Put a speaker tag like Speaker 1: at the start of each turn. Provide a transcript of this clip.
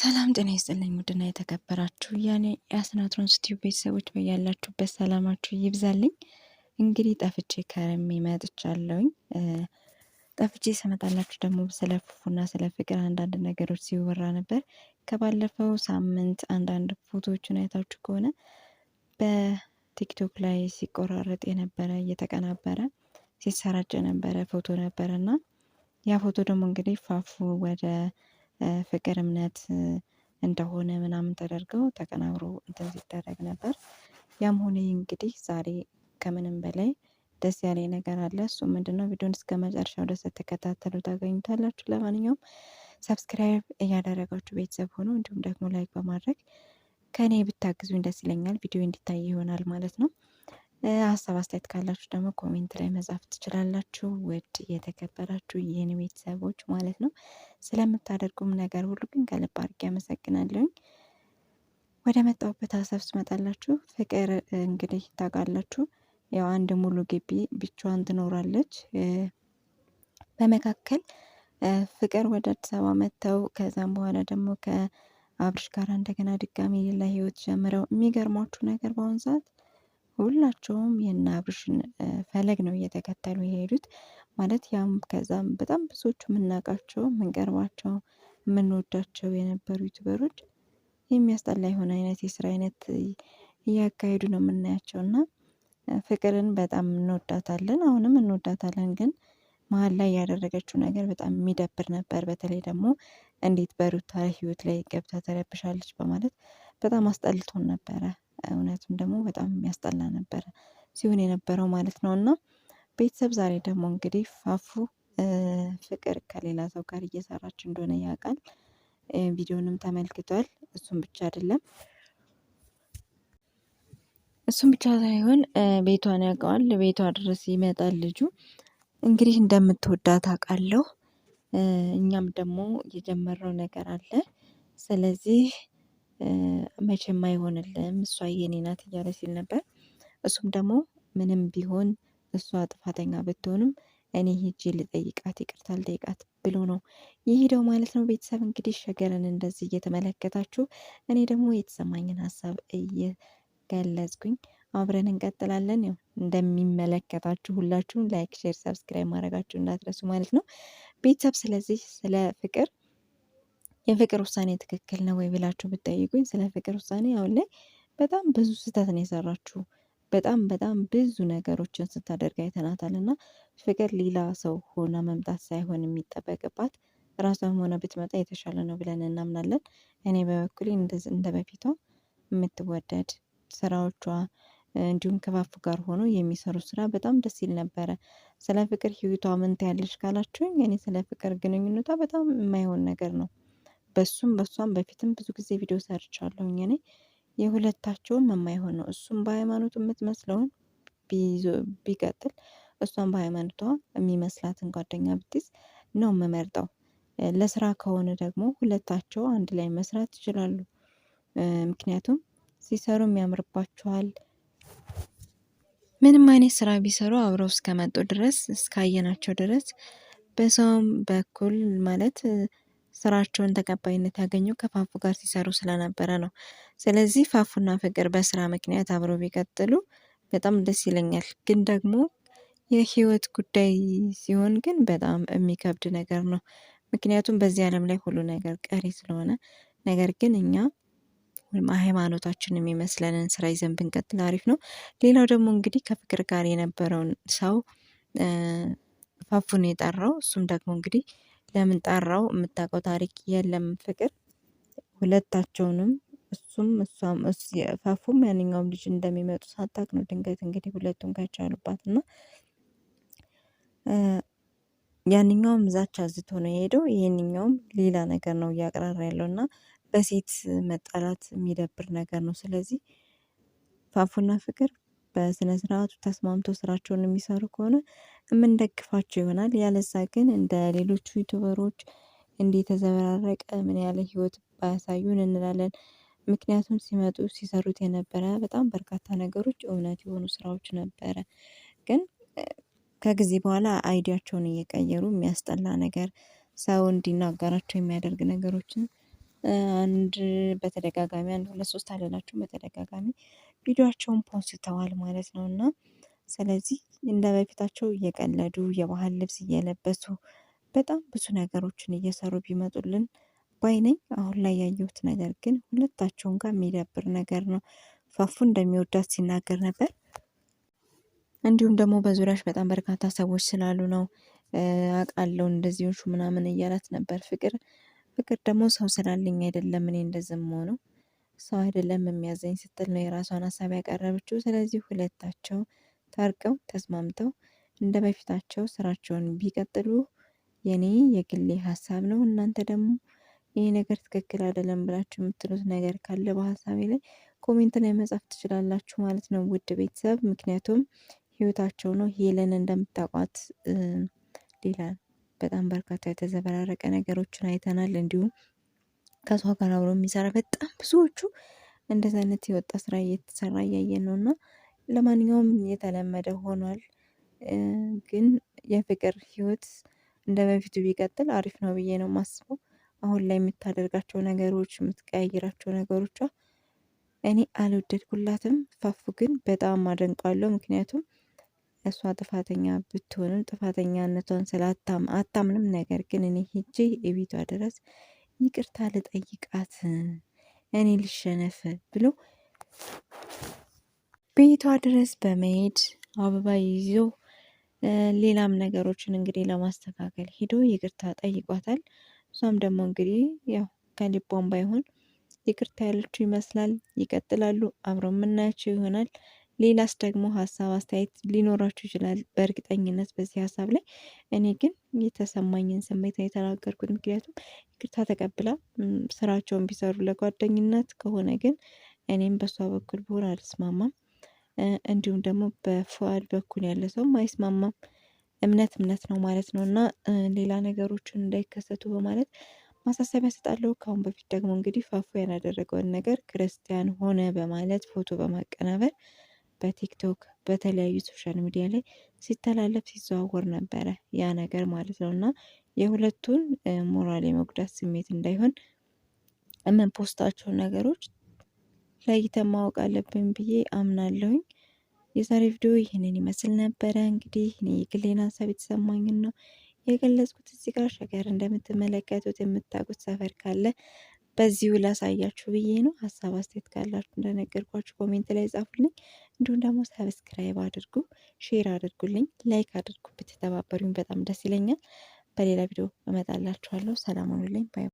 Speaker 1: ሰላም ጤና ይስጥልኝ። ውድና የተከበራችሁ ያኔ የአስናትሮን ስቱዲዮ ቤተሰቦች በያላችሁበት ሰላማችሁ ይብዛልኝ። እንግዲህ ጠፍቼ ከረሜ መጥቻለሁኝ። ጠፍቼ ስመጣላችሁ ደግሞ ስለ ፉፉና ስለ ፍቅር አንዳንድ ነገሮች ሲወራ ነበር። ከባለፈው ሳምንት አንዳንድ ፎቶዎችን አይታችሁ ከሆነ በቲክቶክ ላይ ሲቆራረጥ የነበረ እየተቀናበረ ሲሰራጭ የነበረ ፎቶ ነበረ እና ያ ፎቶ ደግሞ እንግዲህ ፋፉ ወደ ፍቅር እምነት እንደሆነ ምናምን ተደርገው ተቀናብሮ እንትን ሲደረግ ነበር። ያም ሆነ እንግዲህ ዛሬ ከምንም በላይ ደስ ያለ ነገር አለ። እሱ ምንድነው? ቪዲዮን እስከ መጨረሻው ድረስ ተከታተሉ ታገኙታላችሁ። ለማንኛውም ሰብስክራይብ እያደረጋችሁ ቤተሰብ ሆኖ እንዲሁም ደግሞ ላይክ በማድረግ ከእኔ ብታግዙኝ ደስ ይለኛል። ቪዲዮ እንዲታይ ይሆናል ማለት ነው። ሀሳብ አስተያየት ካላችሁ ደግሞ ኮሜንት ላይ መጻፍ ትችላላችሁ። ውድ የተከበራችሁ ይህን ቤተሰቦች ማለት ነው ስለምታደርጉም ነገር ሁሉ ግን ከልብ አድርጌ አመሰግናለሁኝ። ወደ መጣሁበት ሀሳብ ስመጣላችሁ ፍቅር እንግዲህ ታውቃላችሁ፣ ያው አንድ ሙሉ ግቢ ብቻዋን ትኖራለች። በመካከል ፍቅር ወደ አዲስ አበባ መጥተው ከዛም በኋላ ደግሞ ከአብርሽ ጋር እንደገና ድጋሚ ሌላ ህይወት ጀምረው የሚገርማችሁ ነገር በአሁኑ ሰዓት ሁላቸውም የነ አብርሽን ፈለግ ነው እየተከተሉ የሄዱት። ማለት ያም ከዛም በጣም ብዙዎቹ የምናውቃቸው የምንቀርባቸው የምንወዳቸው የነበሩ ዩቱበሮች የሚያስጠላ የሆነ አይነት የስራ አይነት እያካሄዱ ነው የምናያቸው እና ፍቅርን በጣም እንወዳታለን፣ አሁንም እንወዳታለን። ግን መሀል ላይ ያደረገችው ነገር በጣም የሚደብር ነበር። በተለይ ደግሞ እንዴት በሩታ ህይወት ላይ ገብታ ተረብሻለች በማለት በጣም አስጠልቶን ነበረ። እውነቱን ደግሞ በጣም የሚያስጠላ ነበረ ሲሆን የነበረው ማለት ነው። እና ቤተሰብ ዛሬ ደግሞ እንግዲህ ፋፉ ፍቅር ከሌላ ሰው ጋር እየሰራች እንደሆነ ያውቃል። ቪዲዮንም ተመልክቷል። እሱም ብቻ አይደለም እሱም ብቻ ሳይሆን ቤቷን ያውቀዋል። ቤቷ ድረስ ይመጣል ልጁ እንግዲህ እንደምትወዳት አውቃለሁ። እኛም ደግሞ የጀመረው ነገር አለ። ስለዚህ መቼም አይሆንልም እሷ የኔ ናት እያለ ሲል ነበር። እሱም ደግሞ ምንም ቢሆን እሷ ጥፋተኛ ብትሆንም እኔ ሄጄ ልጠይቃት ይቅርታ ልጠይቃት ብሎ ነው የሄደው ማለት ነው። ቤተሰብ እንግዲህ ሸገርን እንደዚህ እየተመለከታችሁ እኔ ደግሞ የተሰማኝን ሀሳብ እየገለጽኩኝ አብረን እንቀጥላለን። ያው እንደሚመለከታችሁ ሁላችሁም ላይክ፣ ሼር፣ ሰብስክራይብ ማድረጋችሁ እንዳትረሱ ማለት ነው ቤተሰብ። ስለዚህ ስለ ፍቅር የፍቅር ውሳኔ ትክክል ነው ወይ ብላችሁ ብትጠይቁኝ ስለ ፍቅር ውሳኔ አሁን ላይ በጣም ብዙ ስህተት ነው የሰራችሁ። በጣም በጣም ብዙ ነገሮችን ስታደርግ አይተናታል እና ፍቅር ሌላ ሰው ሆና መምጣት ሳይሆን የሚጠበቅባት ራሷም ሆነ ብትመጣ የተሻለ ነው ብለን እናምናለን። እኔ በበኩሌ እንደ በፊቷ የምትወደድ ስራዎቿ እንዲሁም ከባፉ ጋር ሆኖ የሚሰሩ ስራ በጣም ደስ ይል ነበረ። ስለ ፍቅር ህይወቷ ምን ትያለሽ ካላችሁኝ፣ እኔ ስለ ፍቅር ግንኙነቷ በጣም የማይሆን ነገር ነው በሱም በሷም በፊትም ብዙ ጊዜ ቪዲዮ ሰርቻለሁ። እኔ የሁለታቸውም የማይሆን ነው። እሱም በሃይማኖቱ የምትመስለውን ቢቀጥል እሷም በሃይማኖቷ የሚመስላትን ጓደኛ ብትይዝ ነው የምመርጠው። ለስራ ከሆነ ደግሞ ሁለታቸው አንድ ላይ መስራት ይችላሉ። ምክንያቱም ሲሰሩም ያምርባቸዋል። ምንም አይነት ስራ ቢሰሩ አብረው እስከመጡ ድረስ እስካየናቸው ድረስ በሰውም በኩል ማለት ስራቸውን ተቀባይነት ያገኙ ከፋፉ ጋር ሲሰሩ ስለነበረ ነው። ስለዚህ ፋፉና ፍቅር በስራ ምክንያት አብረው ቢቀጥሉ በጣም ደስ ይለኛል። ግን ደግሞ የህይወት ጉዳይ ሲሆን ግን በጣም የሚከብድ ነገር ነው። ምክንያቱም በዚህ ዓለም ላይ ሁሉ ነገር ቀሪ ስለሆነ ነገር ግን እኛ ሃይማኖታችን የሚመስለንን ስራ ይዘን ብንቀጥል አሪፍ ነው። ሌላው ደግሞ እንግዲህ ከፍቅር ጋር የነበረውን ሰው ፋፉን የጠራው እሱም ደግሞ እንግዲህ ለምን ጠራው የምታውቀው ታሪክ የለም። ፍቅር ሁለታቸውንም እሱም እሷም ፋፉም ያንኛውም ልጅ እንደሚመጡ ሳታቅ ነው። ድንገት እንግዲህ ሁለቱም ከቻሉባት እና ያንኛውም ዛቻ ዝቶ ነው የሄደው። ይህንኛውም ሌላ ነገር ነው እያቅራራ ያለው እና በሴት መጣላት የሚደብር ነገር ነው። ስለዚህ ፋፉና ፍቅር በስነ ስርዓቱ ተስማምቶ ስራቸውን የሚሰሩ ከሆነ የምንደግፋቸው ይሆናል። ያለዛ ግን እንደ ሌሎቹ ዩቱበሮች እንዲህ የተዘበራረቀ ምን ያለ ህይወት ባያሳዩን እንላለን። ምክንያቱም ሲመጡ ሲሰሩት የነበረ በጣም በርካታ ነገሮች እውነት የሆኑ ስራዎች ነበረ። ግን ከጊዜ በኋላ አይዲያቸውን እየቀየሩ የሚያስጠላ ነገር ሰው እንዲናገራቸው የሚያደርግ ነገሮችን አንድ በተደጋጋሚ አንድ ሁለት ሶስት አልላችሁም በተደጋጋሚ ቪዲዮቸውን ፖስተዋል ማለት ነው። እና ስለዚህ እንደ በፊታቸው እየቀለዱ የባህል ልብስ እየለበሱ በጣም ብዙ ነገሮችን እየሰሩ ቢመጡልን ባይነኝ። አሁን ላይ ያየሁት ነገር ግን ሁለታቸውን ጋር የሚደብር ነገር ነው። ፋፉ እንደሚወዳት ሲናገር ነበር። እንዲሁም ደግሞ በዙሪያሽ በጣም በርካታ ሰዎች ስላሉ ነው አውቃለሁ እንደዚሁ ምናምን እያላት ነበር። ፍቅር ፍቅር ደግሞ ሰው ስላለኝ አይደለም እኔ እንደዝም ሆነው ሰው አይደለም የሚያዘኝ ስትል ነው የራሷን ሀሳብ ያቀረበችው። ስለዚህ ሁለታቸው ታርቀው ተስማምተው እንደ በፊታቸው ስራቸውን ቢቀጥሉ የኔ የግሌ ሀሳብ ነው። እናንተ ደግሞ ይህ ነገር ትክክል አይደለም ብላችሁ የምትሉት ነገር ካለ በሀሳቤ ላይ ኮሜንት ላይ መጻፍ ትችላላችሁ ማለት ነው ውድ ቤተሰብ። ምክንያቱም ህይወታቸው ነው። ሄለን እንደምታውቋት ሌላ በጣም በርካታ የተዘበራረቀ ነገሮችን አይተናል እንዲሁም ከሷ ጋር አብሮ የሚሰራ በጣም ብዙዎቹ እንደዚህ አይነት የወጣ ስራ እየተሰራ እያየ ነው እና ለማንኛውም የተለመደ ሆኗል። ግን የፍቅር ህይወት እንደ በፊቱ ቢቀጥል አሪፍ ነው ብዬ ነው ማስበው። አሁን ላይ የምታደርጋቸው ነገሮች የምትቀያይራቸው ነገሮቿ እኔ አልወደድኩላትም። ፋፉ ግን በጣም አደንቃለሁ። ምክንያቱም እሷ ጥፋተኛ ብትሆንም ጥፋተኛነቷን ስለ አታምንም። ነገር ግን እኔ ሄጄ የቤቷ ድረስ ይቅርታ ልጠይቃት እኔ ልሸነፍ ብሎ ቤቷ ድረስ በመሄድ አበባ ይዞ ሌላም ነገሮችን እንግዲህ ለማስተካከል ሄዶ ይቅርታ ጠይቋታል። እሷም ደግሞ እንግዲህ ያው ከልቧም ባይሆን ይቅርታ ያለችው ይመስላል። ይቀጥላሉ አብረው የምናያቸው ይሆናል። ሌላስ ደግሞ ሀሳብ አስተያየት ሊኖራችሁ ይችላል በእርግጠኝነት በዚህ ሀሳብ ላይ። እኔ ግን የተሰማኝን ስሜት ነው የተናገርኩት። ምክንያቱም ይቅርታ ተቀብላ ስራቸውን ቢሰሩ ለጓደኝነት ከሆነ ግን እኔም በእሷ በኩል ብሆን አልስማማም። እንዲሁም ደግሞ በፉአድ በኩል ያለ ሰውም አይስማማም። እምነት እምነት ነው ማለት ነው እና ሌላ ነገሮችን እንዳይከሰቱ በማለት ማሳሰቢያ ሰጣለሁ ከአሁን በፊት ደግሞ እንግዲህ ፋፉ ያላደረገውን ነገር ክርስቲያን ሆነ በማለት ፎቶ በማቀናበር በቲክቶክ በተለያዩ ሶሻል ሚዲያ ላይ ሲተላለፍ ሲዘዋወር ነበረ ያ ነገር ማለት ነው። እና የሁለቱን ሞራል የመጉዳት ስሜት እንዳይሆን እምን ፖስታቸው ነገሮች ለይተን ማወቅ አለብን ብዬ አምናለሁኝ። የዛሬ ቪዲዮ ይህንን ይመስል ነበረ። እንግዲህ እኔ የግሌን ሀሳብ የተሰማኝን ነው የገለጽኩት። እዚህ ጋር ሸገር እንደምትመለከቱት የምታውቁት ሰፈር ካለ በዚሁ ላሳያችሁ ብዬ ነው። ሀሳብ አስተያየት ካላችሁ እንደነገርኳችሁ ኮሜንት ላይ ጻፉልኝ። እንዲሁም ደግሞ ሰብስክራይብ አድርጉ፣ ሼር አድርጉልኝ፣ ላይክ አድርጉ። ብትተባበሩኝ በጣም ደስ ይለኛል። በሌላ ቪዲዮ እመጣላችኋለሁ። ሰላም ሁኑልኝ። ባይ